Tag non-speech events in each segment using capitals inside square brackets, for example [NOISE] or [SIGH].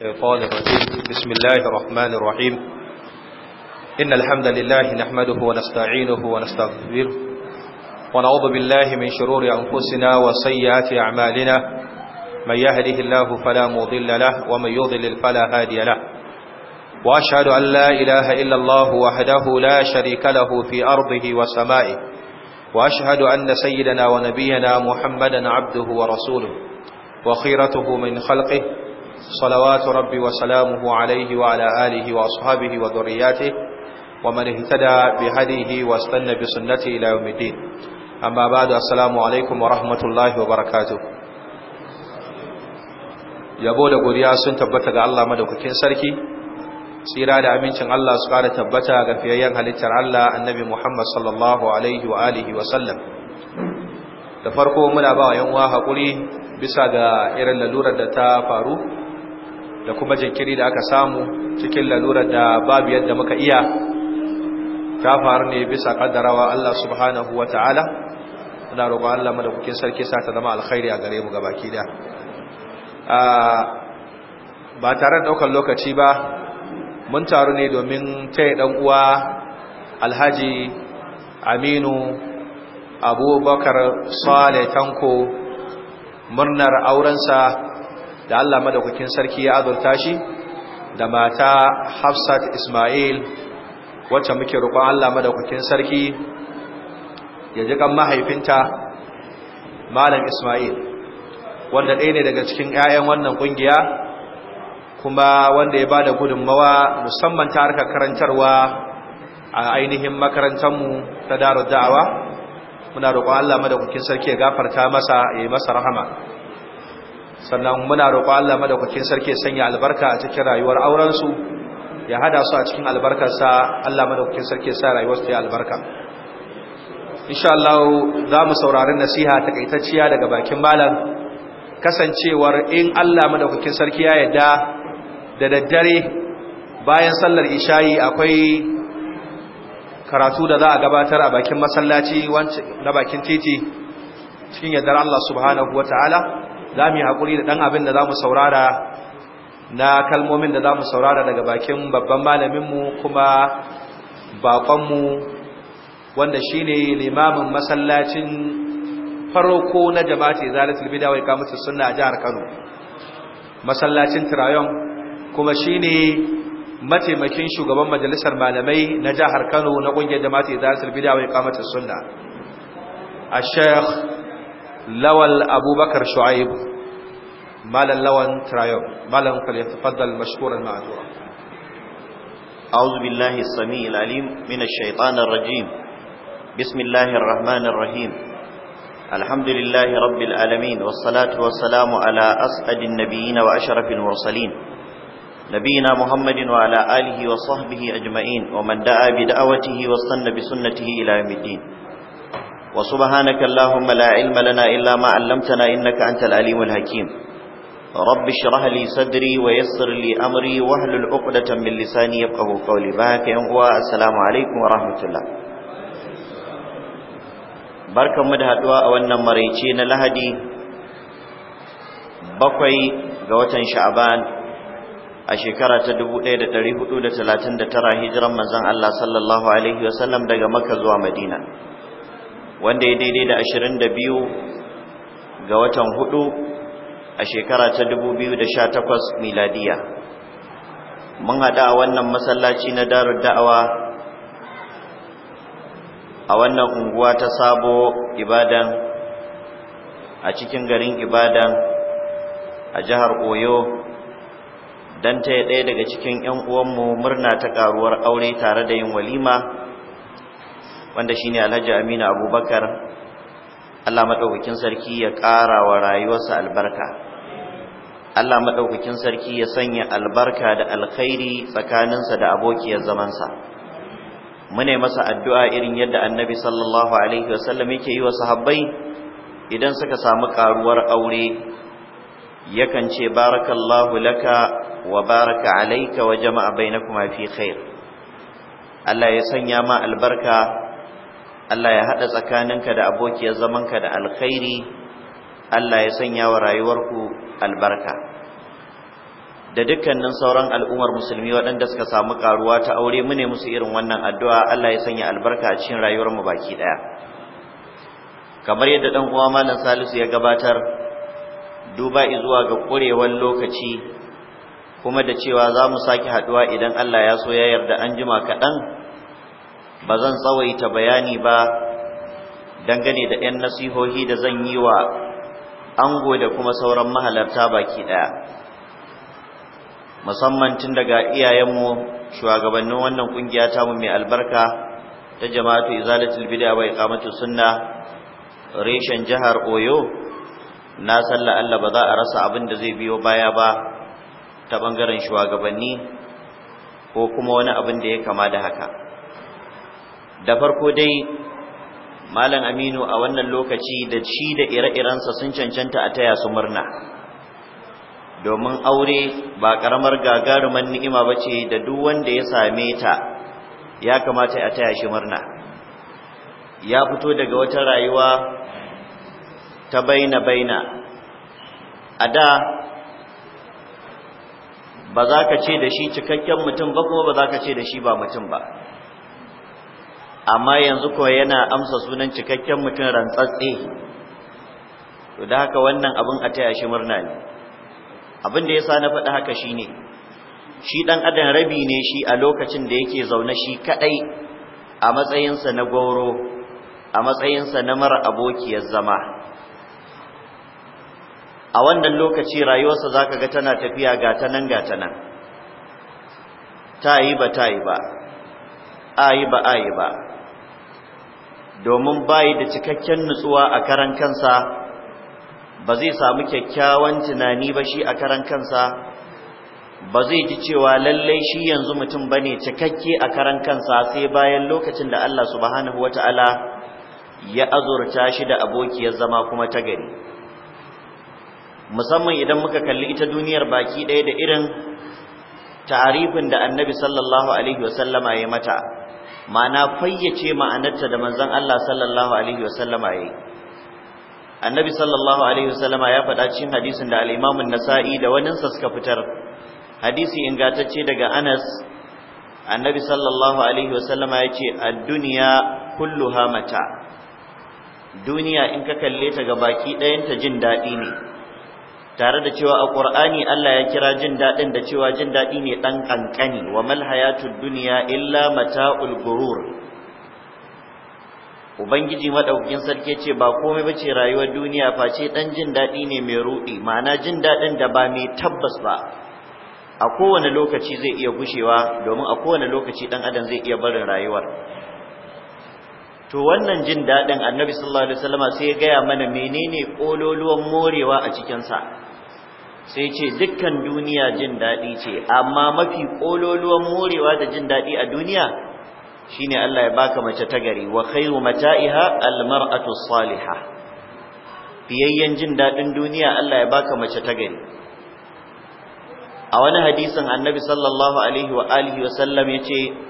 الشيطان الرجيم بسم الله الرحمن الرحيم إن الحمد لله نحمده ونستعينه ونستغفره ونعوذ بالله من شرور أنفسنا وسيئات أعمالنا من يهده الله فلا مضل له ومن يضلل فلا هادي له وأشهد أن لا إله إلا الله وحده لا شريك له في أرضه وسمائه وأشهد أن سيدنا ونبينا محمدا عبده ورسوله وخيرته من خلقه صلوات ربي وسلامه عليه وعلى آله وأصحابه وذرياته ومن اهتدى بهديه واستنى بسنته إلى يوم الدين أما بعد السلام عليكم ورحمة الله وبركاته yabo da godiya sun tabbata ga Allah madaukakin sarki tsira da amincin Allah su ƙara tabbata ga fiyayyen halittar Allah annabi Muhammad sallallahu alaihi wa alihi wa sallam da farko muna ba wa yan uwa hakuri bisa ga irin lalurar da ta faru da kuma jinkiri da aka samu cikin lalurar da babu yadda muka iya ta faru ne bisa kaddarawa Allah subhanahu wa ta'ala Ina roƙon Allah madaukakin sarki sa ta zama alkhairi a gare mu gabaki da ba tare da ɗaukar lokaci ba mun taru ne domin taya ɗan uwa alhaji aminu abubakar sale tanko murnar aurensa da Allah madaukakin sarki ya azurta shi da mata Hafsat Ismail wacce muke roƙon Allah madaukakin sarki ya ji kan mahaifinta Malam Ismail wanda ɗaya ne daga cikin ƴaƴan wannan kungiya kuma wanda ya bada gudunmawa musamman ta harkar karantarwa a ainihin makarantar mu ta Darud Da'awa muna roƙon Allah madaukakin sarki ya gafarta masa ya yi masa rahama sannan muna roƙon Allah madaukakin sarki ya sanya albarka a cikin rayuwar auren su ya hada su a cikin albarkarsa Allah madaukakin sarki ya sa rayuwar su ya albarka insha Allah za mu saurari nasiha takaitacciya daga bakin malam kasancewar in Allah madaukakin sarki ya yarda da daddare bayan sallar ishayi akwai karatu da za a gabatar a bakin masallaci na bakin titi cikin yardar Allah subhanahu wa ta'ala za mu yi haƙuri da ɗan abin da za mu saurara na kalmomin da za mu saurara daga bakin babban malaminmu kuma baƙonmu wanda shi ne limamin masallacin farko na jama'ati zalatul bida wai kamata suna a jihar kano masallacin tirayon kuma shi ne mataimakin shugaban majalisar malamai na jihar kano na ƙungiyar jama'ati zalatul bida wai kamata suna a sheikh lawal abubakar shu'aib malan lawan trayon malan kwalye tafaddal mashkuran ma'azura auzubillahi sami ilalim min shaitanar rajim bismillahir rahmanir rahim alhamdulillahi rabbil alamin wassalatu wassalamu ala asadin nabiyina wa ashrafil mursalin نبينا محمد وعلى آله wa أجمعين ومن دعا بدعوته واصطن بسنته إلى يوم الدين وسبحانك اللهم لا علم لنا إلا ما علمتنا إنك أنت العليم الحكيم رب اشرح لي صدري ويسر لي أمري واحلل عقدة من لساني يفقه قولي بارك السلام عليكم ورحمة الله barkan mu da haduwa a wannan maraice na lahadi bakwai ga watan sha'aban a shekara ta 1439 hijiran manzon Allah sallallahu alaihi wasallam daga makka zuwa madina wanda ya daidai da biyu ga watan hudu a shekara ta 2018 miladiya mun hada a wannan masallaci na darar da'awa a wannan unguwa ta sabo ibadan a cikin garin ibadan a jihar oyo don ta ɗaya daga cikin 'yan uwanmu murna ta ƙaruwar aure tare da yin walima wanda shine Alhaji Aminu Abubakar Allah madaukakin sarki ya ƙara wa rayuwarsa albarka Allah madaukakin sarki ya sanya albarka da alkhairi tsakaninsa da abokiyar zamansa mune masa addu'a irin yadda Annabi sallallahu alaihi wasallam yake yi wa sahabbai idan suka samu karuwar aure yakan ce barakallahu laka wa baraka alayka wa jama'a bainakuma fi khair Allah ya sanya ma albarka Allah ya haɗa tsakaninka da abokiyar zamanka da alkhairi Allah ya sanya wa rayuwarku albarka da dukkanin sauran al'ummar musulmi waɗanda suka samu karuwa ta aure mu ne musu irin wannan addu'a Allah ya sanya albarka a cikin rayuwar mu baki ɗaya. kamar yadda dan uwa malam Salisu ya gabatar duba zuwa ga ƙurewar lokaci kuma da cewa za mu sake haɗuwa idan Allah ya so ya yarda an jima kaɗan ba zan tsawaita bayani ba dangane da 'yan nasihohi da zan yi wa ango da kuma sauran mahalarta baki ɗaya musamman tun daga iyayenmu shugabannin wannan ƙungiya ta mu mai albarka ta jama'atu izalatul bid'a wa iqamatu sunna reshen jihar Oyo na salla Allah ba za a rasa abin da zai biyo baya ba ta bangaren shugabanni ko kuma wani abin da ya kama da haka da farko dai malam aminu a wannan lokaci da shi da ire-irensa sun cancanta a taya su murna domin aure ba karamar gagaruman ni'ima ba ce da duk wanda ya same ta ya kamata a taya shi murna ya fito daga wata rayuwa ta baina-baina a da ba za ka ce da shi cikakken mutum ba kuma ba za ka ce da shi ba mutum ba amma yanzu ko yana amsa sunan cikakken mutum rantsatse to da haka wannan abin a taya shi murna ne abin da sa na faɗi haka shine shi dan adam rabi ne shi a lokacin da yake zaune shi kaɗai, a matsayinsa na goro a matsayinsa na mara abokiyar zama a wannan lokaci rayuwarsa zaka ga tana tafiya ga ta nan ga ta nan ta yi ba ta yi ba a yi ba a yi ba domin bayi da cikakken nutsuwa a karan kansa ba zai samu kyakkyawan tunani ba shi a karan kansa ba zai ji cewa lallai shi yanzu mutum bane cikakke a karan kansa sai bayan lokacin da Allah subhanahu wa ta'ala ya azurta shi da abokiyar zama kuma ta gari musamman idan muka kalli ita duniyar baki ɗaya da irin ta'arifin da annabi sallallahu alaihi wasallama ya mata ma'ana fayyace ma'anarta da manzon Allah sallallahu alaihi wasallama yayi annabi sallallahu alaihi wasallama ya faɗa cikin hadisin da al-Imam an-Nasa'i da wani sa fitar hadisi ingantacce daga Anas annabi sallallahu alaihi wasallama yace ad-dunya kulluha mata duniya in ka kalle ta ga baki ɗayan ta jin daɗi ne tare da cewa a ƙur'ani Allah ya kira jin daɗin da cewa jin dadi ne ɗan kankani wa mal duniya illa mata'ul gurur Ubangiji maɗaukin sarki ce ba komai bace rayuwar duniya face dan jin dadi ne mai rudi ma'ana jin dadin da ba mai tabbas ba a kowane lokaci zai iya gushewa domin a kowane lokaci dan adam zai iya barin rayuwar to wannan jin daɗin Annabi sallallahu alaihi wasallama sai ya gaya mana menene kololuwan morewa a cikinsa. sai ce dukkan duniya jin daɗi ce amma mafi ƙololuwan morewa da jin daɗi a duniya shine Allah ya baka mace ta gari wa khairu mata'iha almar'atu Saliha. Biyayyen jin daɗin duniya Allah ya baka mace ta gari a wani hadisin annabi sallallahu alaihi wa alihi wa sallam yace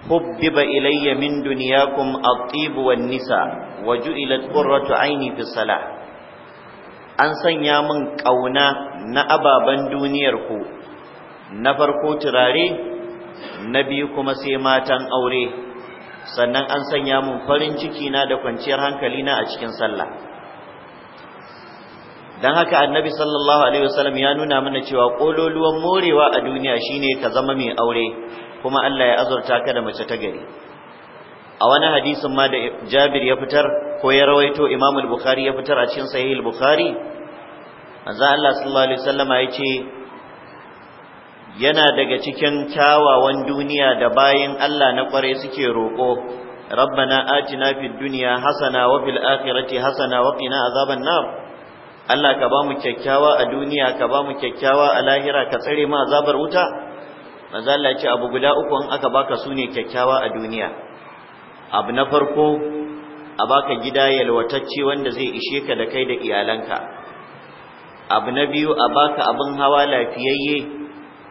حبب إلي من دنياكم الطيب nisa, وجعلت قرة عيني في fisala. an sanya min ƙauna na ababen ku na farko turare na biyu kuma sai matan aure sannan an sanya min farin ciki na da kwanciyar hankali na a cikin sallah dan haka annabi sallallahu alaihi wasallam ya nuna mana cewa kololuwan morewa a duniya shine ka zama mai aure kuma Allah ya azurta ka da mace ta gari a wani hadisin ma da Jabir ya fitar ko ya rawaito Imam al-Bukhari ya fitar a cikin Sahih al-Bukhari manzo Allah sallallahu alaihi wasallama yace yana daga cikin kyawawan duniya da bayin Allah na kware suke roƙo fid dunya hasana wa fil akhirati hasana wa qina azaban nar Allah ka bamu kyakkyawa a duniya ka bamu kyakkyawa a lahira ka tsare mu azabar wuta manzo Allah ya ce abu guda uku in aka baka sune kyakkyawa a duniya abu na farko a baka gida yalwatacce wanda zai ishe ka da kai da iyalanka abu na biyu a baka abin hawa lafiyayye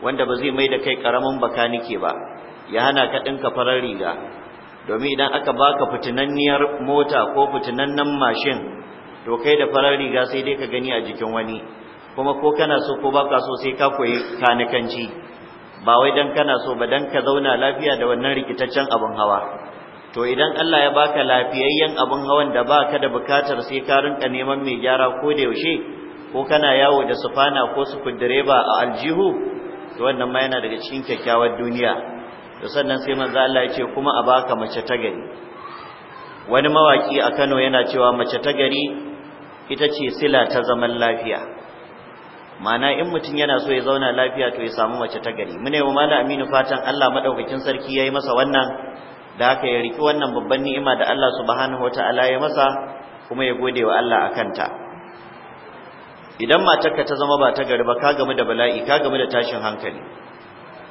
wanda ba zai mai da kai karamin bakanike ba ya hana ka farar riga domin idan aka baka fitinanniyar mota ko fitinannen mashin to kai da farar riga sai dai ka gani a jikin wani kuma ko kana so ko baka so sai ka koyi kanikanci ba wai dan kana so ba dan ka zauna lafiya da wannan rikitaccen abin hawa to idan Allah ya baka lafiyayyen abin hawan da baka da bukatar sai ka rinka neman mai gyara ko da yaushe ko kana yawo da sufana ko sufur direba a aljihu to wannan ma yana daga cikin kyakkyawar duniya to sannan sai manzo Allah ya ce kuma a baka mace ta gari wani mawaki a Kano yana cewa mace ta gari ita ce sila ta zaman lafiya mana in mutum yana so ya zauna lafiya to ya samu mace ta gari mune wa malam Aminu fatan Allah madaukakin sarki yayi masa wannan da haka ya riki wannan babban ni'ima da Allah subhanahu wata'ala ya masa kuma ya gode wa Allah akanta kanta. idan ka ta zama ba ta gari ba ka gamu da bala'i ka gamu da tashin hankali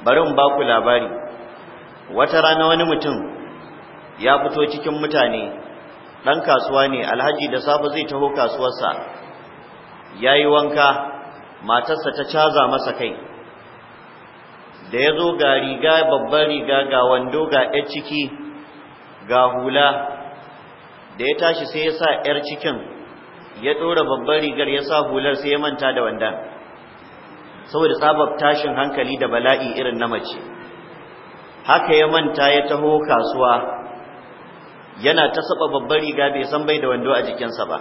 bari in baku labari wata rana wani mutum ya fito cikin mutane dan kasuwa ne alhaji da safe zai taho kasuwarsa yayi wanka matarsa ta caza masa kai da ya zo ga riga babban riga ga wando ga ɗan ciki ga hula da ya tashi sai ya sa ‘yar cikin ya ɗora babbar rigar ya sa hular sai ya manta da wanda saboda sabab tashin hankali da bala'i irin na mace haka ya manta ya taho kasuwa yana ta saba babbar riga bai san bai da wando a jikinsa ba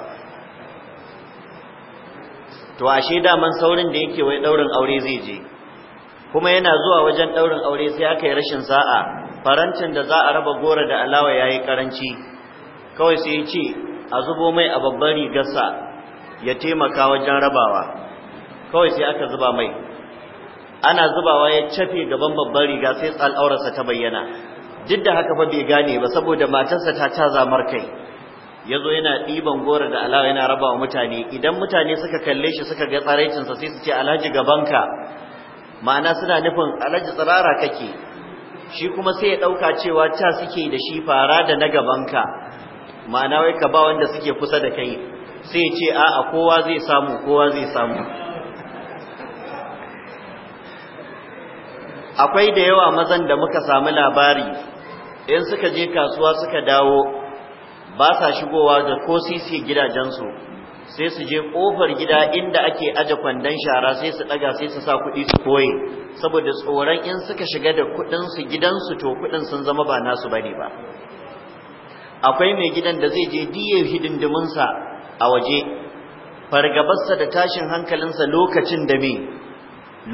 to ashe daman saurin da yake wai ɗaurin aure zai je kuma yana zuwa wajen ɗaurin aure sai aka yi rashin sa'a farancin da za a raba gora da alawa ya yi karanci kawai sai ya ce a zubo mai a babban rigarsa ya taimaka wajen rabawa kawai sai aka zuba mai ana zubawa ya cafe gaban babban riga sai tsal'aurarsa ta bayyana duk da haka fa bai gane ba saboda matarsa ta caza kai, ya zo yana ɗiban gora da alawa yana rabawa mutane idan mutane suka kalle shi suka ga tsaraicinsa sai su ce alhaji gabanka ma'ana suna nufin alhaji tsirara kake shi kuma sai ya dauka cewa ta suke da shi fara da na ka, ma'ana wai ka ba wanda suke kusa da kai sai ya ce a'a kowa zai samu kowa zai samu akwai da yawa mazan da muka samu labari in suka je kasuwa suka dawo ba sa shigowa da ko sisi gidajensu sai su je kofar gida inda ake aje kwandon shara sai su daga sai su sa kuɗi su koye saboda tsoron in suka shiga da kuɗin su gidansu to kuɗin sun zama ba nasu bane ba akwai mai gidan da zai je diye hidindimin sa a waje fargabarsa da tashin hankalinsa lokacin da me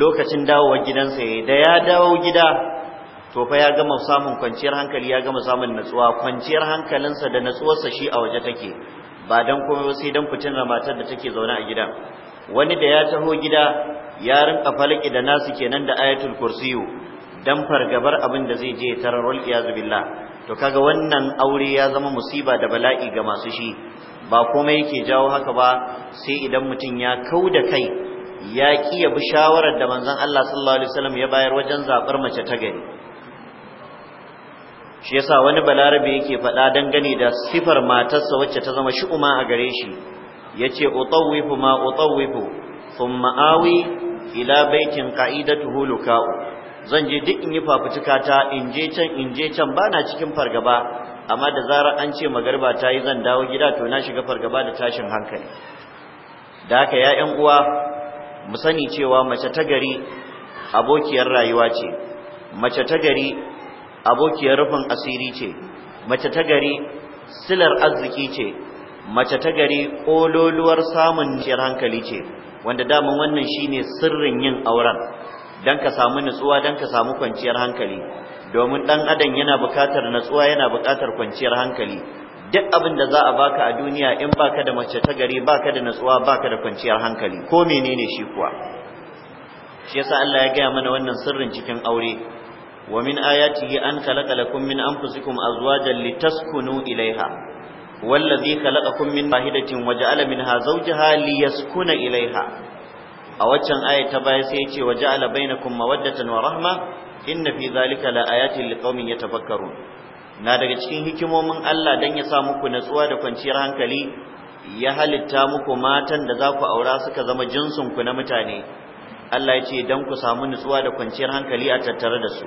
lokacin dawowar gidansa yayi da ya dawo gida to fa ya gama samun kwanciyar hankali ya gama samun natsuwa kwanciyar hankalinsa da natsuwarsa shi a waje take ba dan komai sai dan fitin matar da take zaune a gida wani da ya taho gida ya rinka falaki da nasu kenan da ayatul kursiyu dan fargabar abin da zai je tararul iyaz billah to kaga wannan aure ya zama musiba da bala'i ga masu shi ba komai yake jawo haka ba sai idan mutum ya kau da kai ya ki ya bi shawarar da manzon Allah sallallahu alaihi wasallam ya bayar wajen zabar mace ta gari shi yasa wani balarabe yake faɗa dangane da sifar matarsa wacce ta zama shu'uma a gare shi yace utawwifu ma utawwifu thumma awi ila baitin qa'idatuhu luka'u zan je duk in yi fafutuka ta in je can in je can bana cikin fargaba amma da zarar an ce magarba ta yi zan dawo gida to na shiga fargaba da tashin hankali da haka ya ƴan uwa mu sani cewa mace ta gari abokiyar rayuwa ce mace ta gari abokiyar rufin asiri ce mace ta gari silar arziki ce mace ta gari kololuwar samun jiyar hankali ce wanda daman wannan shine sirrin yin auren dan ka samu nutsuwa dan ka samu kwanciyar hankali domin dan adam yana buƙatar nutsuwa yana buƙatar kwanciyar hankali duk abin da za a baka a duniya in baka da mace ta gari baka da nutsuwa baka da kwanciyar hankali ko menene shi kuwa shi yasa Allah ya gaya mana wannan sirrin cikin aure ومن آياته أن خلق لكم من أنفسكم أزواجا لتسكنوا إليها والذي خلقكم من واحدة وجعل منها زوجها ليسكن إليها a waccan ayat ta baya sai ya ce alabai ja'ala bainakum mawaddatan wa rahma inna fi zalika la ayatin liqaumin yatafakkarun na daga cikin hikimomin Allah dan ya sa muku natsuwa da kwanciyar hankali ya halitta muku matan da za ku aura suka zama jinsun ku na mutane Allah ya ce dan ku samu nutsuwa da kwanciyar hankali a tattare da su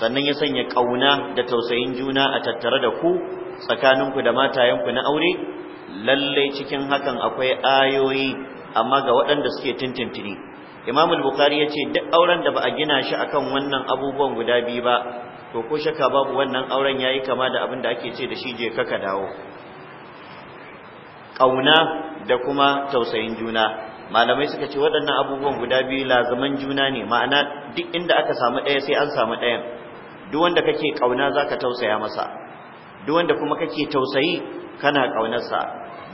sannan ya sanya kauna da tausayin juna a tattare da ku tsakaninku da matayenku na aure lalle cikin hakan akwai ayoyi amma ga waɗanda suke tintintini Imam al-Bukhari ya ce duk auren da ba a gina shi akan wannan abubuwan guda biyu ba to ko shaka babu wannan auren yayi kama da abin da ake ce da shi je ka dawo kauna da kuma tausayin juna malamai suka ce waɗannan abubuwan guda biyu lazaman juna ne ma'ana duk inda aka samu ɗaya sai an samu ɗayan duk wanda kake ƙauna zaka tausaya masa duk wanda kuma kake tausayi kana ƙaunarsa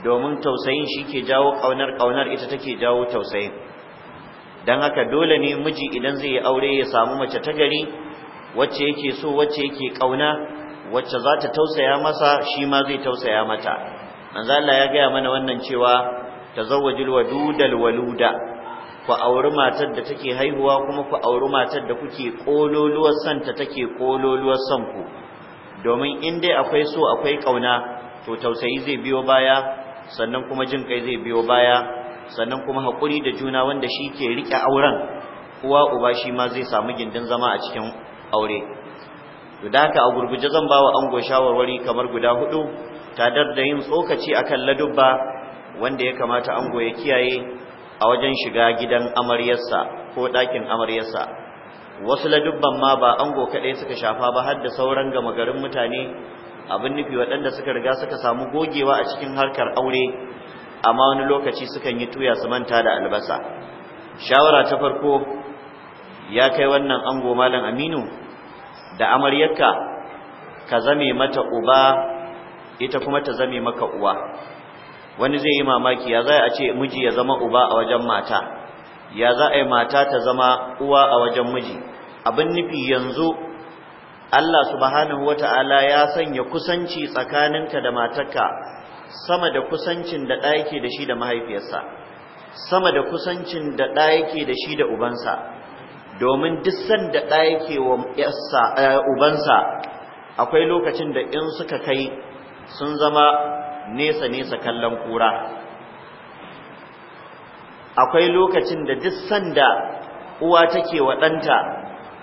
domin tausayin shi ke jawo ƙaunar ƙaunar ita take jawo tausayin don haka dole ne miji idan zai yi aure ya samu mace ta gari wacce yake so wacce yake ƙauna wacce za ta tausaya masa shi ma zai tausaya mata manzo Allah ya gaya mana wannan cewa tazawwajul wadudal waluda ku auri matar da take haihuwa kuma ku auri matar da kuke kololuwar santa take kololuwar son ku domin in dai akwai so akwai kauna to tausayi zai biyo baya sannan kuma jin kai zai biyo baya sannan kuma hakuri da juna wanda shi ke rike auren uwa uba shi ma zai samu gindin zama a cikin aure to da haka a gurguje zan bawa ango shawarwari kamar guda hudu tadar da yin tsokaci akan ladubba wanda ya kamata ango ya kiyaye a wajen shiga gidan amaryarsa ko ɗakin amaryarsa wasu ladubban ma ba ango kaɗai suka shafa ba har da sauran gama garin mutane abin nufi waɗanda suka riga suka samu gogewa a cikin harkar aure amma wani lokaci sukan yi tuya su manta da albasa shawara ta farko ya kai wannan ango malam aminu da amaryarka ka zame mata uba ita kuma ta zame maka uwa wani zai yi mamaki ya za a ce miji ya zama uba a wajen mata ya za a yi mata ta zama uwa a wajen miji abin nufi yanzu Allah subhanahu wata'ala ya sanya kusanci tsakaninka da matarka sama da kusancin da ɗa yake da shi da mahaifiyarsa sama da kusancin da ɗa yake da shi da ubansa domin duk sanda ɗa yake wa eh, ubansa akwai lokacin da in suka kai sun zama nesa nesa kallon kura akwai lokacin da duk sanda uwa take wa ɗanta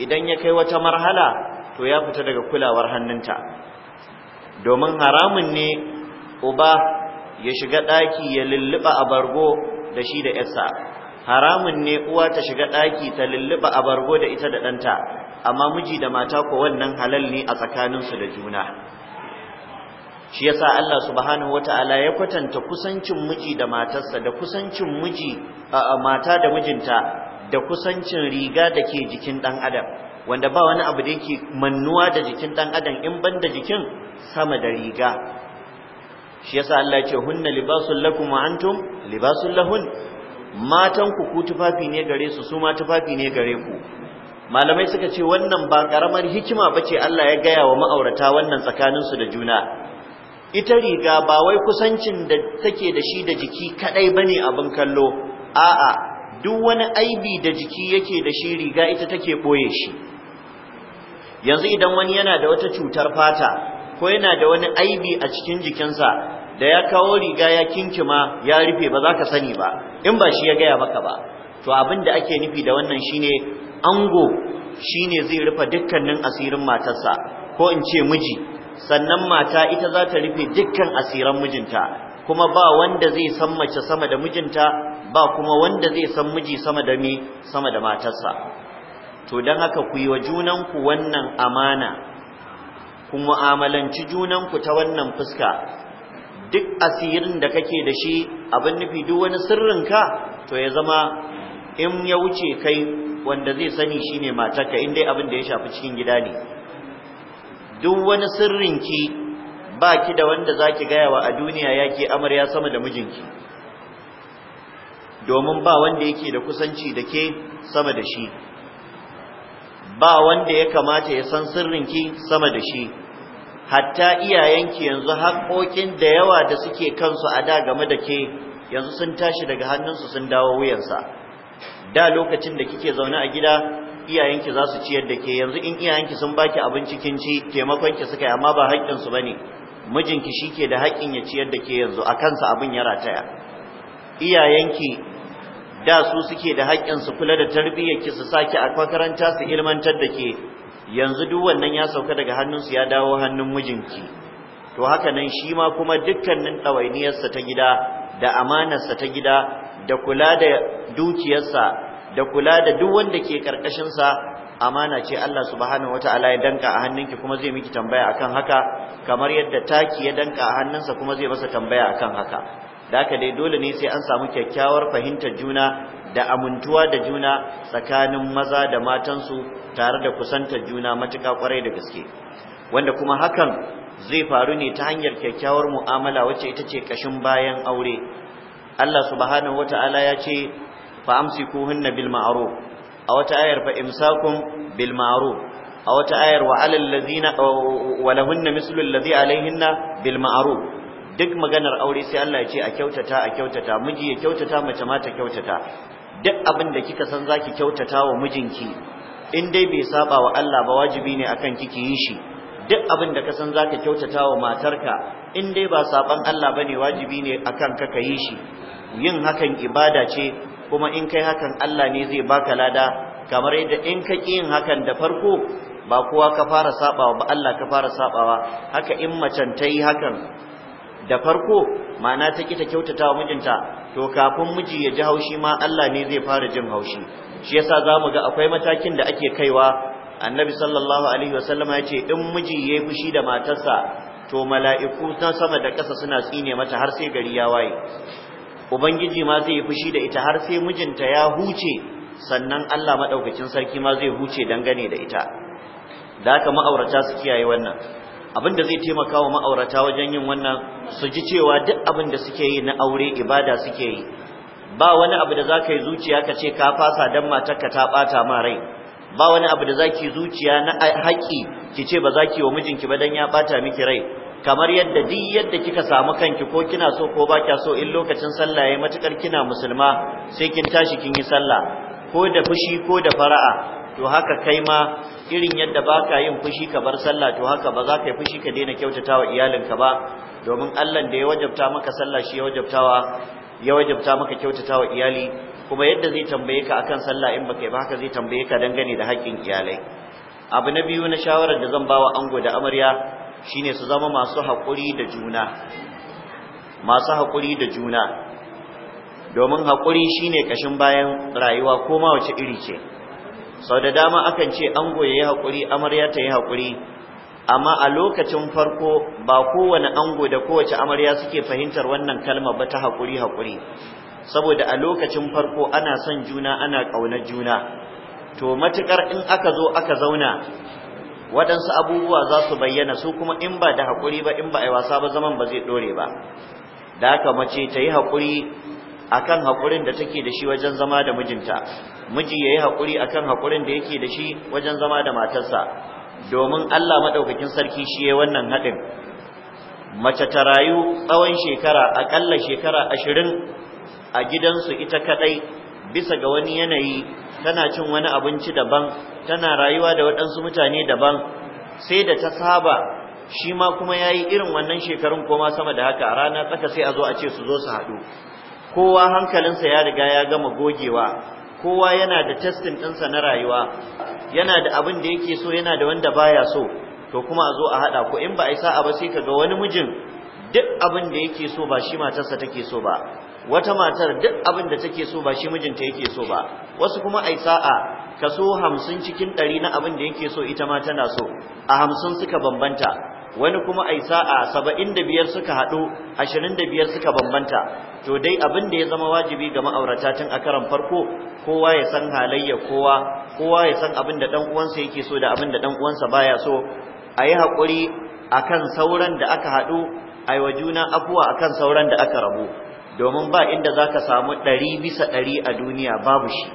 idan ya kai wata marhala to ya fita daga kulawar hannunta domin haramun ne uba ya shiga ɗaki ya lulluba abargo da shi da yarsa haramun ne uwa ta shiga ɗaki ta lulluba abargo da ita da ɗanta amma miji da mata ko wannan halal ne a tsakaninsu da juna shi yasa Allah subhanahu wataala ya kwatanta kusancin miji da matarsa da kusancin miji mata da mijinta da kusancin riga dake ke jikin dan adam wanda ba wani abu da yake mannuwa da jikin dan adam in banda jikin sama da riga shi yasa Allah ya ce hunna libasul lakum wa antum libasul lahun matan ku ku tufafi ne gare su su ma tufafi ne gare ku malamai suka ce wannan ba karamar hikima bace Allah ya gaya wa ma'aurata wannan tsakaninsu da juna ita riga ba wai kusancin da take da shi da jiki kadai bane abin kallo a'a duk wani aibi da jiki yake da shi riga ita take boye shi yanzu idan wani yana da wata cutar fata ko yana da wani aibi a cikin jikinsa da ya kawo riga ya kinkima ya rufe ba za ka sani ba in ba shi ya gaya maka ba to abin da ake nufi da wannan shine ango shine zai rufe dukkanin asirin matarsa ko in ce miji sannan mata ita za ta rufe dukkan asiran mijinta kuma ba wanda zai san mace sama da mijinta ba kuma wanda zai san miji sama da mi sama da matarsa to dan haka ku yi wa junanku wannan amana ku mu'amalanci junanku ta wannan fuska duk asirin da kake da shi abin nufi duk wani sirrinka to ya zama in ya wuce kai wanda zai sani shine matarka in dai abin da ya shafi cikin gida ne duk wani sirrinki ba ki da wanda za ki gayawa a duniya ya ke amarya sama da mijinki domin ba wanda yake da kusanci da ke sama da shi ba wanda ya kamata ya san sirrin ki sama da shi hatta iyayenki yanzu haƙoƙin da yawa da suke kansu a da game da ke yanzu sun tashi daga hannunsu sun dawo wuyansa da lokacin da kike zaune a gida iyayenki za su ciyar da ke yanzu in iyayenki sun baki abinci kin ci taimakon ki suka yi amma ba haƙƙin su bane mijinki shi ke da haƙƙin ya ciyar da ke yanzu a kansa abin ya rataya iyayenki da su suke da haƙƙin su kula da tarbiyyarki su saki a makaranta su ilmantar da ke yanzu duk wannan ya sauka daga hannunsu ya dawo hannun mijinki to haka nan shi ma kuma dukkanin ɗawainiyarsa ta gida da amanarsa ta gida da kula da dukiyarsa da kula da duk wanda ke karkashin sa amana ce Allah subhanahu wataala ya danka a hannunki kuma zai miki tambaya akan haka kamar yadda taki ya danka a hannunsa kuma zai masa tambaya akan haka da haka dai dole ne sai an samu kyakkyawar fahimtar juna da amintuwa da juna tsakanin maza da matansu tare da kusantar juna matuƙa kwarai da gaske wanda kuma hakan zai faru ne ta hanyar kyakkyawar mu'amala wacce ita ce kashin bayan aure Allah subhanahu wataala ya ce fa amsikuhunna bil ma'ruf a wata ayar fa imsakum bil ma'ruf a wata ayar wa alal ladina wa lahunna mislu alladhi duk maganar aure sai Allah ya ce a kyautata a kyautata miji ya kyautata mace ma ta kyautata duk abin da kika san zaki kyautata wa mijinki in dai bai saba wa Allah ba wajibi ne akan kiki yi shi duk abin da ka san zaka kyautata wa matarka in dai ba saban Allah bane wajibi ne akan ka shi yin hakan ibada ce kuma in kai hakan Allah ne zai baka lada kamar yadda in ka yin hakan da farko ba kowa ka fara sabawa ba Allah ka fara sabawa haka in macen ta yi hakan da farko ma'ana ta ki ta kyautata wa mijinta to kafin miji ya ji haushi ma Allah ne zai fara jin haushi shi yasa zamu ga akwai matakin da ake kaiwa annabi sallallahu alaihi wasallama ya ce in miji ya yi fushi da matarsa to mala'iku na sama da ƙasa suna tsine mata har sai gari ya waye ubangiji ma zai yi fushi da ita har sai mijinta ya huce sannan Allah madaukakin sarki ma zai huce dangane da ita da haka ma'aurata su kiyaye wannan abin da zai taimaka wa ma'aurata wajen yin wannan su ji cewa duk abin da suke yi na aure ibada suke yi ba wani abu da zaka yi zuciya ka ce ka fasa dan matarka ta bata ma rai ba wani abu da zaki zuciya na haƙi ki ce ba zaki wa mijinki ba dan ya bata miki rai kamar yadda duk yadda kika samu kanki ko kina so ko ba kya so in lokacin sallah yayi matukar kina musulma sai kin tashi kin yi sallah ko da fushi ko da fara'a to haka kai ma irin yadda baka yin fushi ka bar sallah to haka ba za ka yi fushi ka daina kyautatawa iyalinka ba domin Allah da ya wajabta maka sallah shi ya wajabtawa ya wajabta maka kyautatawa iyali kuma yadda zai tambaye ka akan sallah in baka yi ba haka zai tambaye ka dangane da haƙƙin iyalai abu na biyu na shawarar da zan bawa ango da amarya shine su zama masu haƙuri da juna masu haƙuri da juna domin haƙuri shine kashin bayan rayuwa ko ma wace iri ce sau da dama akan ce ango ya yi haƙuri amarya ta yi haƙuri amma a lokacin farko ba kowane ango da kowace amarya suke fahimtar wannan kalma ba ta haƙuri haƙuri saboda a lokacin farko ana son juna ana ƙaunar juna to matukar in aka zo aka zauna waɗansu abubuwa za su bayyana su kuma in ba da haƙuri ba in ba a yi wasa ba zaman ba zai ɗore ba da haka mace ta yi haƙuri akan haƙurin da take da shi wajen zama da mijinta miji ya yi haƙuri akan haƙurin da yake da shi wajen zama da matarsa domin Allah maɗaukakin sarki shi ya wannan haɗin mace ta rayu tsawon shekara aƙalla shekara ashirin a gidansu ita kaɗai bisa ga wani yanayi tana cin wani abinci daban tana rayuwa da waɗansu mutane daban sai da ta saba shi ma kuma ya yi irin wannan shekarun koma sama da haka a rana tsaka sai a zo a ce su zo su haɗu kowa hankalinsa ya riga ya gama gogewa kowa yana da testin ɗinsa na rayuwa yana da abin da yake so yana da wanda baya so to kuma a zo a haɗa ko in ba a yi sa'a ba sai ka ga wani mijin duk abin da yake so ba shi matarsa take so ba wata matar duk abin da take so ba shi mijinta yake so ba wasu kuma ai sa'a kaso 50 cikin 100 na abin da yake so ita ma tana so a 50 suka bambanta wani kuma ai sa'a 75 suka hadu 25 suka bambanta to dai abin da ya zama wajibi ga ma'aurata tun a karan farko kowa ya san halayya kowa kowa ya san abin da dan uwansa yake so da abin da dan uwansa baya so ayi hakuri akan sauran da aka hadu aiwa juna afuwa akan sauran da aka rabu domin ba inda za ka samu ɗari bisa ɗari a duniya babu shi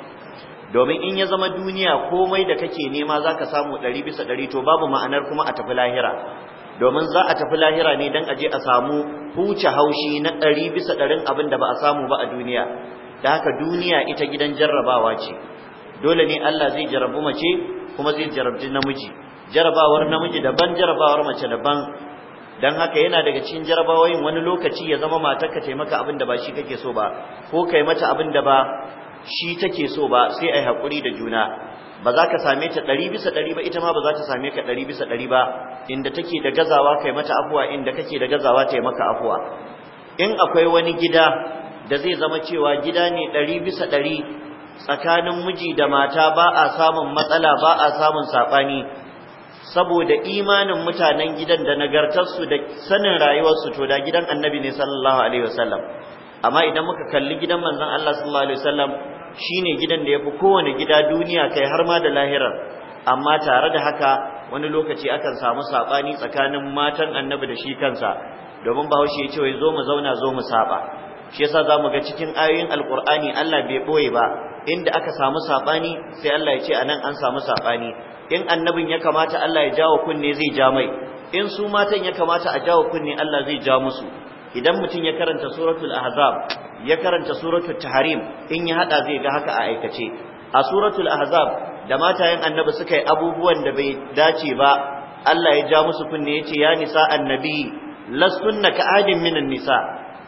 domin in ya zama duniya komai da kake nema zaka samu ɗari bisa ɗari to babu ma'anar kuma a tafi lahira domin za a tafi lahira ne don aje a samu huce haushi na ɗari bisa ɗarin abin da ba a samu ba a duniya da haka duniya ita gidan jarrabawa ce dole ne Allah zai jarrabu mace kuma zai jarrabci namiji jarabawar namiji daban jarabawar mace daban dan haka yana daga cikin jarabawoyin wani lokaci ya zama matarka ta maka abin da ba shi kake so ba ko kai mata abin da ba shi take so ba sai ai hakuri da juna ba za ka same ta ɗari bisa ɗari ba ita ma ba za ta same ka ɗari bisa ɗari ba inda take da gazawa kai mata afuwa inda kake da gazawa ta maka afuwa in akwai wani gida da zai zama cewa gida ne ɗari bisa ɗari tsakanin miji da mata ba a samun matsala ba a samun sabani saboda imanin mutanen gidan da su da sanin rayuwarsu to da gidan annabi ne sallallahu alaihi wasallam amma idan muka kalli gidan manzon Allah sallallahu alaihi wasallam shine gidan da yafi kowane gida duniya kai har ma da lahirar amma tare da haka wani lokaci akan samu sabani tsakanin matan annabi da shi kansa domin bahaushe ya ce wai zo mu zauna zo mu saba shi yasa zamu ga cikin ayoyin alqur'ani Allah bai boye ba inda aka samu sabani sai Allah ya ce anan an samu sabani in annabin ya kamata Allah ya jawo kunne zai ja mai in su matan ya kamata a jawo kunne Allah zai ja musu idan mutum ya karanta suratul ahzab ya karanta suratul tahrim in ya hada zai ga haka a aikace a suratul ahzab da matayen annabi suka yi abubuwan da bai dace ba Allah ya ja musu kunne ya ce ya nisa annabi lastunna ka adin minan nisa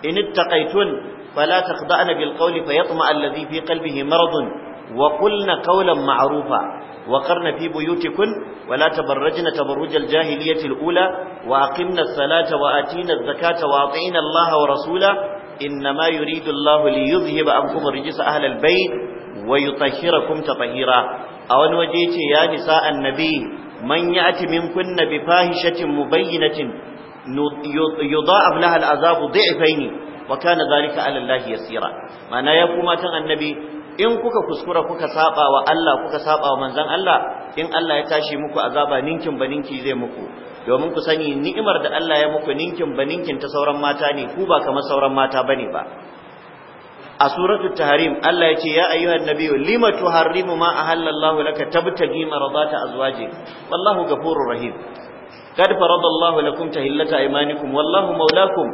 in ittaqaytun fala takhda'na bil qawli fayatma alladhi fi qalbihi maradun wa qulna qawlan ma'rufa وقرن في بيوتكن ولا تبرجن تبرج الجاهلية الأولى وأقمنا الصلاة وآتينا الزكاة وأطعنا الله ورسوله إنما يريد الله ليذهب عنكم الرجس أهل البيت ويطهركم تطهيرا أو نوجيت يا نساء النبي من يأتي منكن بفاهشة مبينة يضاعف لها العذاب ضعفين وكان ذلك على الله يسيرا معناه يقوم النبي in kuka kuskura kuka saba wa Allah kuka saba wa manzon Allah in Allah ya tashi muku azaba ninkin baninki zai muku domin ku sani ni'imar da Allah ya muku ninkin baninkin ta sauran mata ne ku ba kamar sauran mata bane ba a suratul tahrim Allah ya ce ya ayyuhan nabiyyu limatu harrimu ma ahallallahu laka tabtagi maradata azwajik wallahu ghafurur rahim قد فرض الله لكم تهلة wallahu والله مولاكم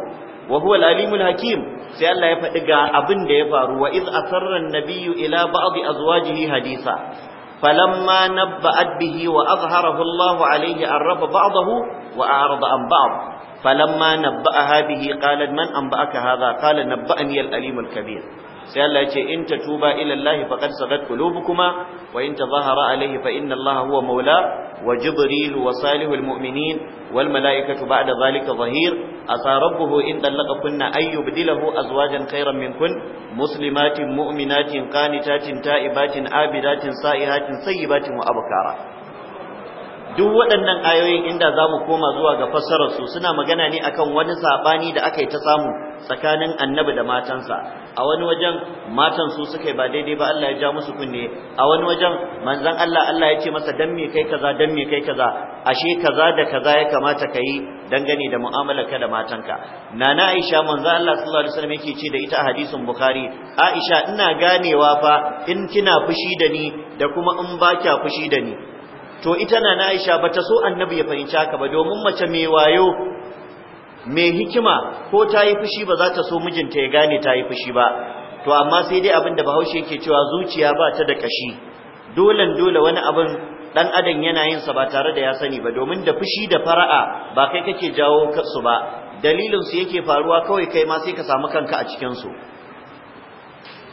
wa huwa alimul hakim sai Allah ya faɗi ga abin da ya faru wa iz asarra an-nabiyyu ila ba'd azwajihi hadisa falamma nabba'at bihi wa azharahu Allahu alayhi arrafa ba'dahu wa a'rada an ba'd falamma nabba'aha bihi qalat man anba'aka hadha qala nabba'ani al-alimul kabir sai Allah ya ce in tatuba ila Allah faqad sagat qulubukuma wa in tazahara alayhi fa inna Allah huwa maula wa jibril wa salihul mu'minin wal malaikatu ba'da zalika zahir asa rabbuhu in kunna ay yubdilahu azwajan khayran minkun muslimatin mu'minatin qanitatin ta'ibatin abidatin sa'ihatin sayyibatin wa abkara duk waɗannan ayoyin inda za mu koma zuwa ga fassararsu suna magana ne akan wani saɓani da aka yi ta samu tsakanin annabi da matansa a wani wajen matan su suka yi ba daidai ba Allah ya ja musu kunne a wani wajen manzon Allah Allah ya ce masa dan me kai kaza dan me kai kaza ashe kaza da kaza ya kamata ka yi dangane da ka da matanka nana Aisha manzon Allah sallallahu alaihi wasallam yake ce da ita a hadisin Bukhari Aisha ina ganewa fa in kina fushi da ni da kuma in ba kya fushi da ni to ita na Aisha bata so annabi ya fahimci haka ba domin mace mai wayo mai hikima ko ta yi fushi ba za ta so mijinta ya gane ta yi fushi ba to amma sai dai abin da Bahaushe yake cewa zuciya ba ta da kashi dole dole wani abin dan adam yana yin sa ba tare da ya sani ba domin da fushi da fara'a ba kai kake jawo kansu ba dalilin su yake faruwa kawai kai ma sai ka samu kanka a cikin su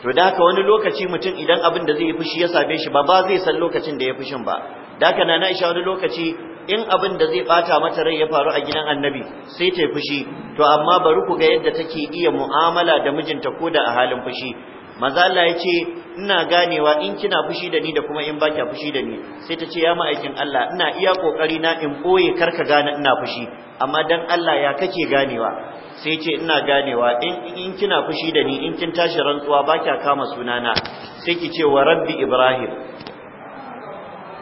to da haka wani lokaci mutum idan abin da zai yi fushi ya same shi ba ba zai san lokacin da ya fushin ba da haka na Aisha wani lokaci in abin da zai bata mata rai ya faru a gidan annabi sai ta fushi to amma bari ku ga yadda take iya mu'amala da mijinta ko da a halin fushi manzo Allah ya ce ina ganewa in kina fushi da ni da kuma in baki fushi da ni sai ta ce ya ma'aikin Allah ina iya kokari na in boye karka gane ina fushi amma dan Allah ya kake ganewa sai ce ina ganewa in in kina fushi da ni in kin tashi rantsuwa baki kama sunana sai ki ce wa rabbi ibrahim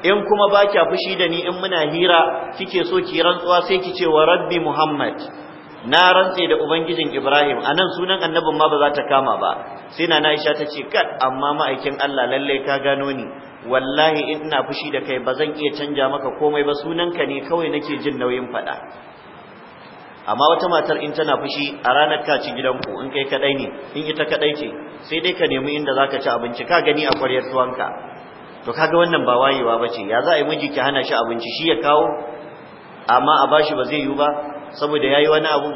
in kuma ba kya fushi da ni in muna hira kike so ki rantsuwa sai ki ce wa rabbi muhammad na rantse da ubangijin ibrahim anan sunan annabin ma ba za ta kama ba sai na aisha ta ce kad amma ma'aikin allah lalle ka gano ni wallahi in ina fushi da kai ba zan iya canja maka komai ba sunan ka ne kawai nake jin nauyin faɗa amma wata matar in tana fushi a ranar ka ci gidanku in kai kadai ne in ita kadai ce sai dai ka nemi inda zaka ci abinci ka gani a kwaryar tuwanka to kaga wannan ba wayewa bace ya za a yi miji ki hana shi abinci shi ya kawo amma a bashi ba zai yi ba saboda yayi wani abu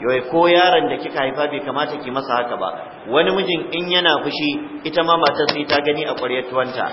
yoyi ko yaron da kika haifa bai kamata ki masa haka ba wani mijin in yana fushi ita ma matar sai ta gani a ƙwaryar tuwanta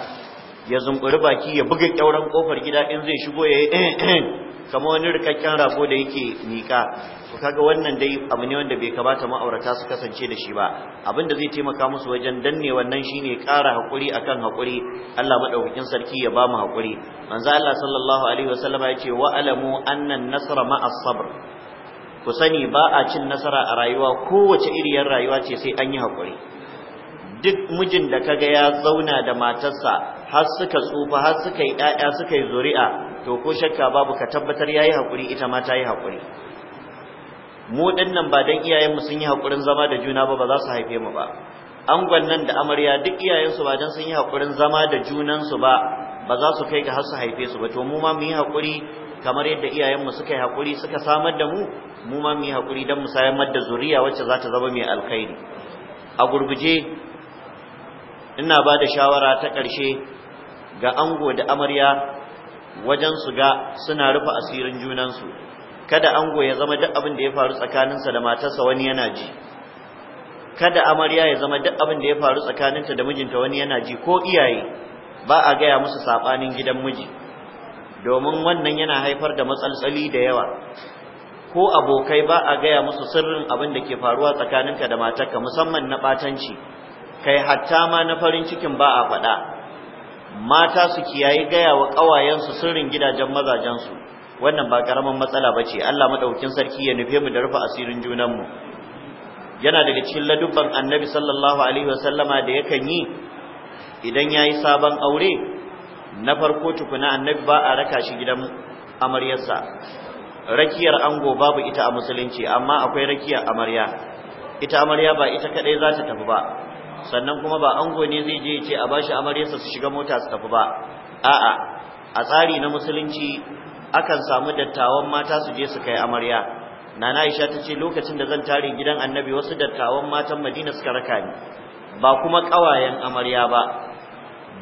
ya zumburi baki ya buga kyauran kofar gida in zai shigo ya yi [CLEARS THROAT] kamar wani rikakken rago da yake miƙa to kaga wannan dai abu ne wanda bai kamata ma'aurata su kasance da shi ba abinda zai taimaka musu wajen danne wannan shine ƙara haƙuri akan haƙuri Allah madaukakin sarki ya bamu haƙuri manzo Allah sallallahu alaihi wasallama ya ce wa alamu annan nasara ma'asabar, sabr ku sani ba a cin nasara a rayuwa kowace iriyar rayuwa ce sai an yi haƙuri duk mijin da kaga ya zauna da matarsa har suka tsufa har suka yi ƴaƴa suka yi zuri'a to ko shakka babu ka tabbatar yayi hakuri ita ma ta yi hakuri mu dinnan ba dan iyayenmu sun yi hakurin zama da juna ba ba za su haife mu ba angon nan da amarya duk iyayensu ba dan sun yi hakurin zama da junansu ba ba za su kai ga har su haife su ba to mu ma mu yi hakuri kamar yadda iyayenmu suka yi hakuri suka samar da mu mu ma mu yi hakuri dan mu samar da zuriya wacce za ta zama mai alkhairi a gurguje ina ba da shawara ta ƙarshe ga ango da amarya wajen su ga suna rufe asirin junansu kada ango ya zama duk abin da ya faru tsakaninsa da matarsa wani yana ji kada amarya ya zama duk abin da ya faru tsakaninta da mijinta wani yana ji ko iyaye ba a gaya musu saɓanin gidan miji domin wannan yana haifar da matsaltsali da yawa ko abokai ba a gaya musu sirrin abin da ke faruwa tsakaninka da matarka musamman na batanci kai hatta ma na farin cikin ba a faɗa mata su kiyaye gaya wa ƙawayensu sirrin gidajen mazajensu wannan ba karaman matsala bace. ce Allah madaukin sarki ya nufe mu da rufe asirin junanmu yana daga cikin ladubban annabi sallallahu alaihi wasallama da yakan yi idan yayi yi sabon aure na farko tukuna annabi ba a raka shi gidan amaryarsa rakiyar ango babu ita a musulunci amma akwai rakiyar amarya ita amarya ba ita kaɗai za ta tafi ba sannan kuma ba ango ne zai je ya ce a bashi amaryarsa su shiga mota su tafi ba a'a a tsari na musulunci akan samu dattawan mata su je su kai amarya Nana Aisha ta ce lokacin da zan tare gidan Annabi wasu dattawan matan Madina suka raka ni ba kuma kawayen amarya ba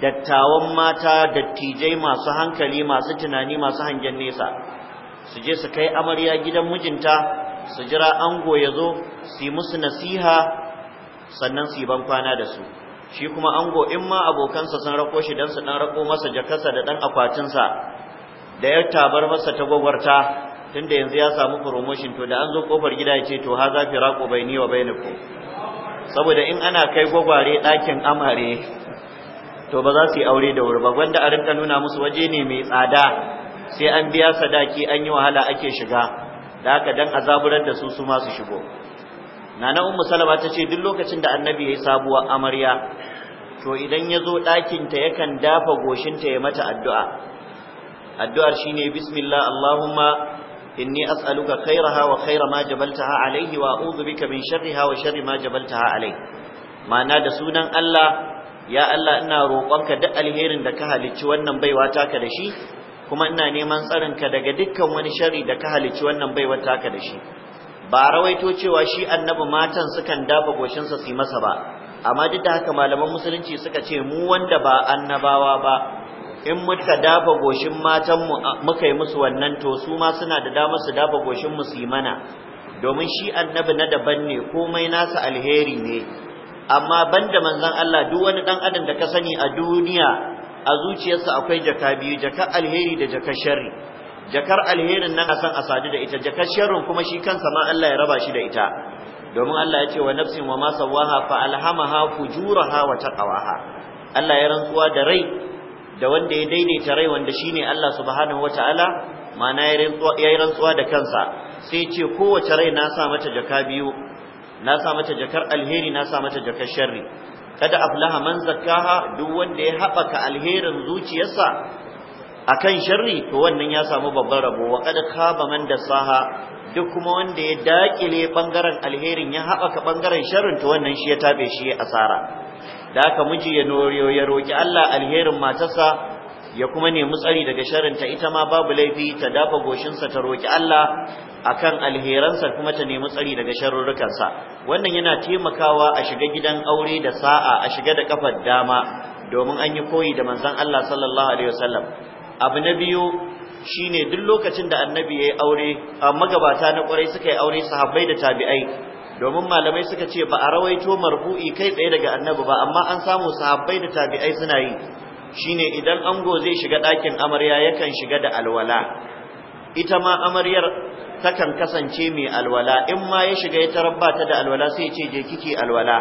dattawan mata dattijai masu hankali masu tunani masu hangen nesa su je su kai amarya gidan mijinta su jira ango ya zo su yi musu nasiha sannan su yi ban kwana da su shi kuma ango in ma abokansa sun rako shi dan su dan rako masa jakarsa da dan akwatinsa da ya tabar masa ta gwagwarta tunda yanzu ya samu promotion to da an zo kofar gida ya ce to ha za firaqu baini wa bainaku saboda in ana kai gwagware dakin amare to ba za su yi aure da wuri ba wanda a rinka nuna musu waje ne mai tsada sai an biya sadaki an yi wahala ake shiga da haka dan azaburar da su su ma su shigo nana ummu salama ta ce duk lokacin da annabi yayi sabuwa amarya to idan ya zo dakinta ta yakan dafa goshinta ya mata addu'a addu'ar shine bismillah allahumma inni as'aluka khairaha wa khaira ma jabaltaha alayhi wa a'udhu bika min sharriha wa sharri ma jabaltaha alayhi ma'ana da sunan Allah ya Allah ina roƙonka duk alherin da ka halicci wannan baiwa taka da shi kuma ina neman tsarinka daga dukkan wani sharri da ka halicci wannan baiwa taka da shi ba rawaito cewa shi annabi matan sukan dafa goshinsa su yi masa ba amma duk da haka malaman musulunci suka ce mu wanda ba annabawa ba in muka dafa goshin matanmu muka yi musu wannan to su ma suna da damar su dafa goshin mana, domin shi annabi na daban ne komai nasa alheri ne amma banda manzon Allah duk wani dan adam da ka sani a duniya a zuciyarsa akwai jaka biyu jaka alheri da jaka sharri jakar alherin nan a san a sadu da ita jakar sharrin kuma shi kansa ma Allah ya raba shi da ita domin Allah ya ce wa nafsin wa ma sawaha fa alhamaha fujuraha wa taqawaha Allah ya rantsuwa da rai da wanda ya daidaita rai wanda shine Allah subhanahu wataala ma'ana ya yi rantsuwa da kansa sai ce kowace rai na sa mata jaka biyu na sa mata jakar alheri na sa mata jakar sharri kada aflaha man zakkaha duk wanda ya haɓaka alherin zuciyarsa akan sharri to wannan ya samu babban rabo wa qad khaba man dasaha duk kuma wanda ya dakile bangaren alherin ya haɓaka bangaren sharrin to wannan shi ya tabe shi ya asara da haka miji ya noriyo ya roki Allah alherin matarsa ya kuma nemi tsari daga ta ita ma babu laifi ta dafa goshinsa ta roki Allah akan alheransa kuma ta nemi tsari daga sharurrukansa wannan yana taimakawa a shiga gidan aure da sa'a a shiga da kafar dama domin an yi koyi da manzon Allah sallallahu alaihi wasallam abu na biyu ne duk lokacin da annabi ya yi aure magabata na ƙwarai suka yi aure sahabbai da tabi'ai domin malamai suka ce ba a rawaito marfu'i kai tsaye daga annabi ba amma an samu sahabbai da tabi'ai suna yi shine idan ango zai shiga ɗakin amarya yakan shiga da alwala ita ma amaryar takan kasance mai alwala in ma ya shiga ya tarabba ta da alwala sai ce je kike alwala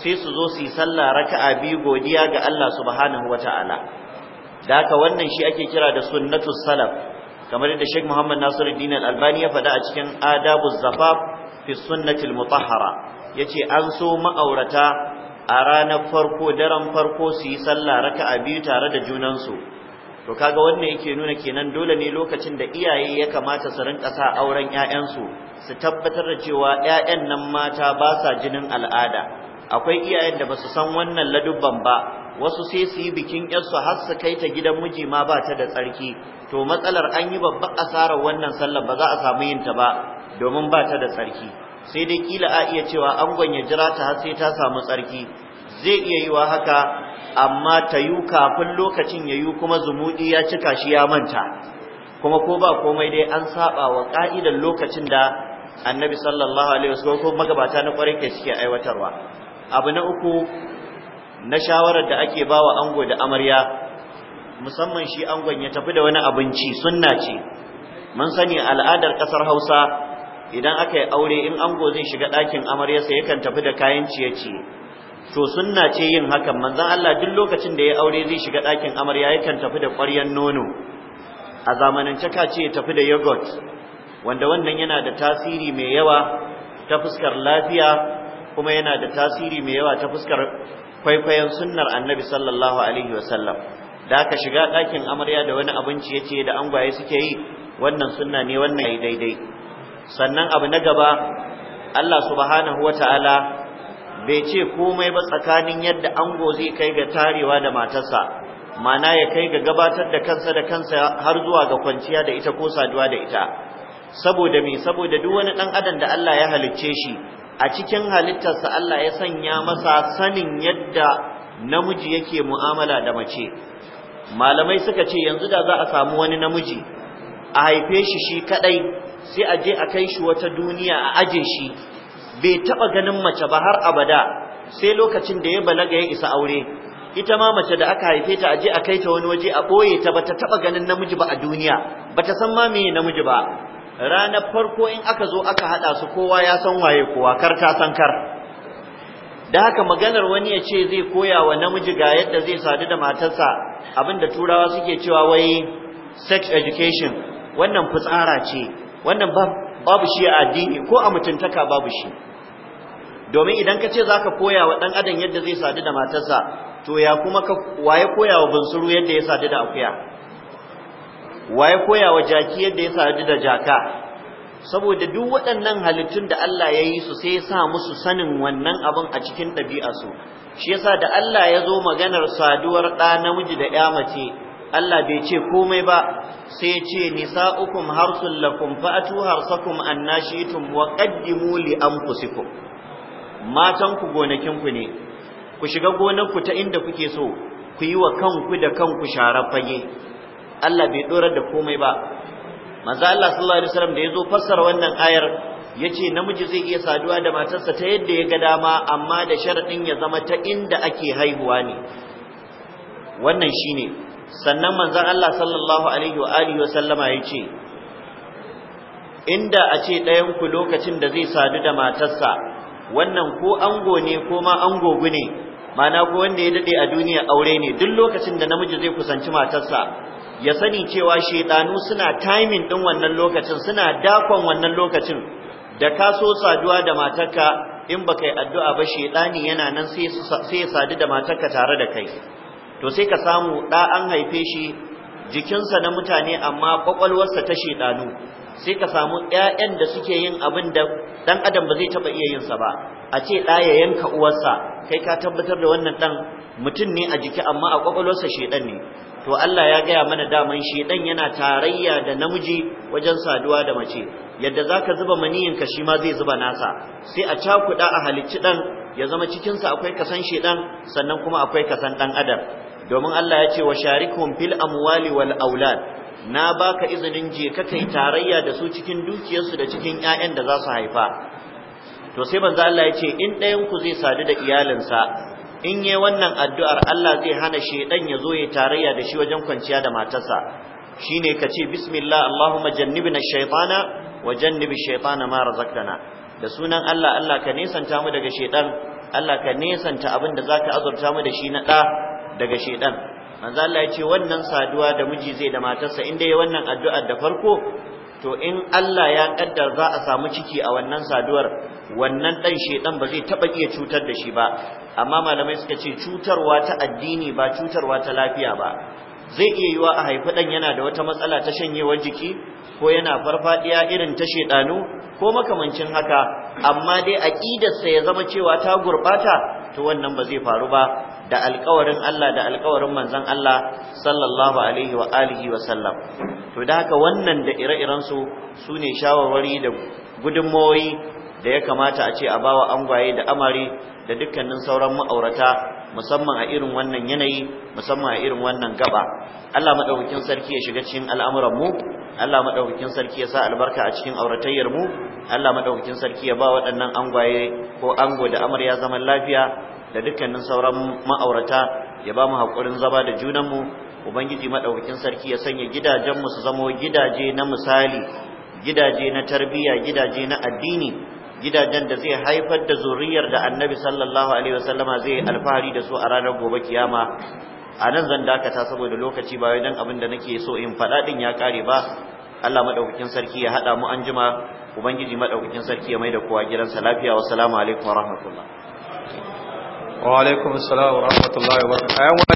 sai su zo su yi sallah raka'a biyu godiya ga Allah subhanahu wataala da haka wannan shi ake kira da sunnatu salaf kamar yadda Sheikh Muhammad Nasiruddin Al-Albani ya faɗa a cikin Adabuz Zafaf fi sunnatil mutahhara yace an so ma'aurata a ranar farko daren farko su yi sallah raka'a biyu tare da junan su to kaga wannan yake nuna kenan dole ne lokacin da iyaye ya kamata su rinka sa auren ƴaƴan su su tabbatar da cewa ƴaƴan nan mata ba sa jinin al'ada akwai iyayen da basu san wannan ladubban ba wasu sai su yi bikin yarsu har su kai ta gidan miji ma ba ta da tsarki to matsalar an yi babbar asarar wannan sallar ba za a samu yin ta ba domin ba ta da tsarki sai dai kila a iya cewa angon ya jira ta har sai ta samu tsarki zai iya yiwa haka amma ta yi kafin lokacin ya yi kuma zumudi ya cika shi ya manta kuma ko ba komai dai an saba wa ka'idar lokacin da annabi sallallahu alaihi wasallam magabata na kwarai ke suke aiwatarwa abu na uku na shawarar da ake bawa ango da amarya musamman shi angon ya tafi da wani abinci sunna ce mun sani al'adar kasar Hausa idan aka yi aure in ango zai shiga ɗakin amarya amaryarsa yakan tafi da kayan ciye to sunna ce yin hakan manzon Allah duk lokacin da ya aure zai shiga ɗakin amarya yakan tafi da ƙwaryan nono a zamanance ka ce ya tafi da yogurt wanda wannan yana da tasiri mai yawa ta fuskar lafiya kuma yana da tasiri mai yawa ta fuskar kwaikwayon sunnar annabi sallallahu alaihi wasallam da aka shiga ɗakin amarya da wani abinci ya ce da angwaye suke yi wannan sunna ne wannan yi daidai sannan abu na gaba Allah subhanahu wa ta'ala bai ce komai ba tsakanin yadda ango zai kai ga tarewa da matarsa mana ya kai ga gabatar da kansa da kansa har zuwa ga kwanciya da ita ko saduwa da ita saboda me saboda duk wani dan adam da Allah ya halicce shi a cikin halittarsa Allah ya sanya masa sanin yadda namiji yake mu'amala da mace malamai suka ce yanzu da za a samu wani namiji a haife shi shi kadai sai a je a kai shi wata duniya a aje shi bai taba ganin mace ba har abada sai lokacin da ya balaga ya isa aure ita ma mace da aka haife ta a je a kai ta wani waje a boye ta bata taba ganin namiji ba a duniya bata san ma meye namiji ba ranar farko in aka zo aka hada su kowa ya san waye kowa kar ka san kar da haka maganar wani ya ce zai koya wa namiji ga yadda zai sadu da matarsa abinda turawa suke cewa wai sex education wannan fitsara ce wannan babu shi a addini ko a mutuntaka babu shi domin idan ka ce za ka koya wa ɗan adam yadda zai sadu da matarsa to ya kuma waye koya wa bunsuru yadda ya sadu da akuya waye koya wa jaki yadda ya sadu da jaka saboda duk waɗannan halittun da Allah ya yi su sai ya sa musu sanin wannan abin a cikin su shi yasa da Allah ya zo maganar saduwar ɗa namiji da ƴa mace Allah bai ce komai ba sai ya ce nisa'ukum harsul lakum fa'atu harsakum annashitum wa qaddimu li anfusikum matan ku gonakin ku ne ku shiga gonar ta inda kuke so ku yi wa kanku da kanku sharar fage Allah bai dorar da komai ba manzo Allah sallallahu alaihi wasallam da yazo fassara wannan ayar yace namiji zai iya saduwa da matarsa ta yadda ya ga dama amma da sharadin ya zama ta inda ake haihuwa ne wannan shine sannan manzo Allah sallallahu alaihi wa alihi wasallama yace inda a ce ɗayan ku lokacin da zai sadu da matarsa wannan ko ango ne ko ma angogu ne mana ko wanda ya dade a duniya aure ne duk lokacin da namiji zai kusanci matarsa ya sani cewa shaitanu suna timing ɗin wannan lokacin suna dakon wannan lokacin da ka so saduwa da matarka in baka yi addu'a ba shaitani yana nan sai sai ya sadu da matarka tare da kai to sai ka samu da an haife shi jikinsa na mutane amma kwakwalwarsa ta shaitanu sai ka samu 'ya'yan da suke yin abin da ɗan adam ba zai taba iya yin sa ba a ce da ya yanka uwarsa kai ka tabbatar da wannan dan mutum ne a jiki amma a kwakwalwarsa shaitan ne to Allah ya gaya mana daman shedan yana tarayya da namiji wajen saduwa da mace yadda zaka zuba maniyinka shi ma zai zuba nasa sai a cakuda a halicci dan ya zama cikin sa akwai kasan shedan sannan kuma akwai kasan dan adam domin Allah ya ce wa sharikum fil amwali wal aulad na baka izinin je ka kai tarayya da su cikin dukiyarsu da cikin ƴaƴan da za su haifa to sai manzo Allah ya ce in ɗayan ku zai sadu da iyalinsa in yi wannan addu'ar Allah zai hana shaidan ya zo ya tarayya da shi wajen kwanciya da matarsa ne ka ce bismillah Allahumma na shaitana wa jannibi shaytana mara razaqtana da sunan Allah Allah ka nesanta mu daga shaidan Allah ka nesanta abin da ka azurta mu da shi na ɗa daga shaidan manzo Allah ya ce wannan saduwa da miji zai da matarsa in dai wannan addu'ar da farko to in Allah ya kaddar za a samu ciki a wannan saduwar wannan dan shedan ba zai taba iya cutar da shi ba amma malamai suka ce cutarwa ta addini ba cutarwa ta lafiya ba zai iya yiwa a haifi dan yana da wata matsala ta shanyewar jiki ko yana farfadiya irin ta shedanu ko makamancin haka amma dai sa ya zama cewa ta gurbata to wannan ba zai faru ba da alƙawarin Allah da alƙawarin manzon Allah sallallahu alaihi wa alihi wa sallam to da haka wannan da ire-iren su sune shawarwari da gudunmoyi. da ya kamata a ce a bawa angwaye da amari da dukkanin sauran ma'aurata musamman a irin wannan yanayi musamman a irin wannan gaba Allah madaukakin sarki ya shiga cikin al'amuran mu Allah madaukakin sarki ya sa albarka a cikin auratayyar mu Allah madaukakin sarki ya ba waɗannan angwaye ko ango da amarya zaman lafiya da dukkanin sauran ma'aurata ya ba mu hakurin zama da junan mu ubangiji madaukakin sarki ya sanya gidajen mu su zamo gidaje na misali gidaje na tarbiyya gidaje na addini gidajen da zai haifar da zuriyar da annabi sallallahu alaihi wasallama zai alfahari da su a ranar gobe kiyama a nan zan dakata saboda lokaci ba dan abin da nake so in faɗa din ya kare ba Allah madaukakin sarki ya haɗa mu anjima ubangiji madaukakin sarki ya maida kowa gidansa lafiya wassalamu alaikum warahmatullahi wa alaikum assalam wa rahmatullahi wa barakatuh